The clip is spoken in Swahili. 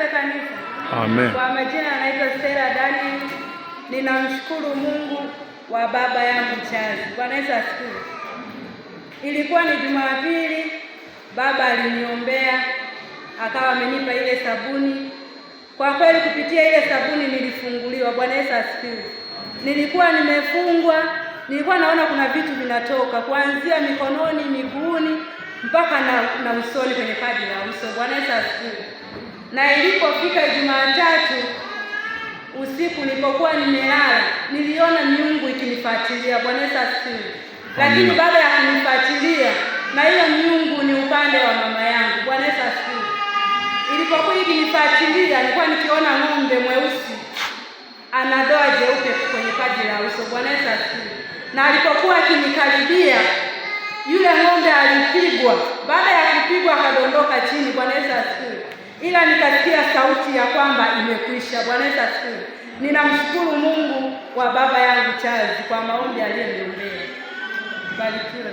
katika kanisa. Amen. Kwa majina anaitwa Stella Dani. Ninamshukuru Mungu wa baba yangu mzazi. Bwana Yesu asifiwe. Ilikuwa ni Jumapili, baba aliniombea akawa amenipa ile sabuni. Kwa kweli kupitia ile sabuni nilifunguliwa. Bwana Yesu asifiwe. Nilikuwa nimefungwa, nilikuwa naona kuna vitu vinatoka kuanzia mikononi, miguuni mpaka na, na usoni kwenye paji la uso. Bwana Yesu asifiwe na ilipofika Jumatatu usiku nilipokuwa nimelala, niliona miungu ikinifuatilia. Bwana Yesu asifiwe. Lakini baada ya kunifuatilia, na hiyo miungu ni upande wa mama yangu. Bwana Yesu asifiwe. Ilipokuwa ikinifuatilia, nilikuwa nikiona ng'ombe mweusi ana doa jeupe kwenye paji la uso. Bwana Yesu asifiwe. Na alipokuwa akinikaribia, yule ng'ombe alipigwa, baada ya kupigwa akado ila nikasikia sauti ya kwamba imekwisha. Bwana Yesu asifiwe. Ninamshukuru Mungu wa baba yangu Charles kwa maombi aliyoniombea. Barikiwe.